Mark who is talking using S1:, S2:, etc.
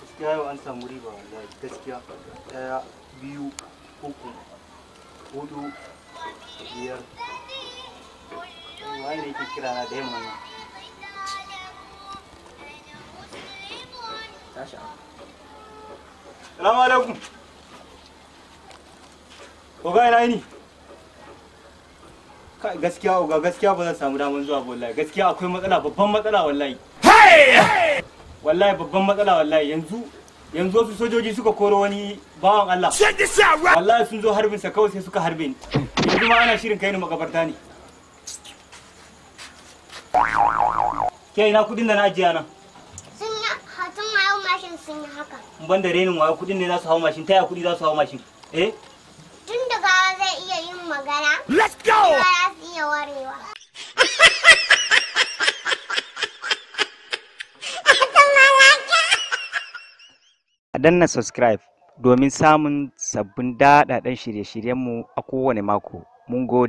S1: gaskiya yau an samu riba wallahi gaskiya daya biyu uku hudu biyar wani ne ke kira na da yamma na tashi salamu alaikum oga ina ni gaskiya oga gaskiya ba zan samu damar zuwa wallahi gaskiya akwai matsala babban matsala wallahi hey! wallahi babban matsala wallahi yanzu yanzu wasu sojoji suka koro wani bawan Allah wallahi sun zo harbin sa kawai sai suka harbe ni yanzu ma ana shirin kai ni makabarta ne
S2: ke ina kudin da na ajiya nan
S3: sun yi hatun ma yau mashin sun yi haka
S2: ban da renin wayo kudin ne za su hau mashin taya kudi za su hau mashin eh
S3: tun da gawa zai iya yin magana let's go
S1: a danna
S2: subscribe domin samun sabbin daɗaɗɗen shirye-shiryenmu a kowane mako. Mun gode.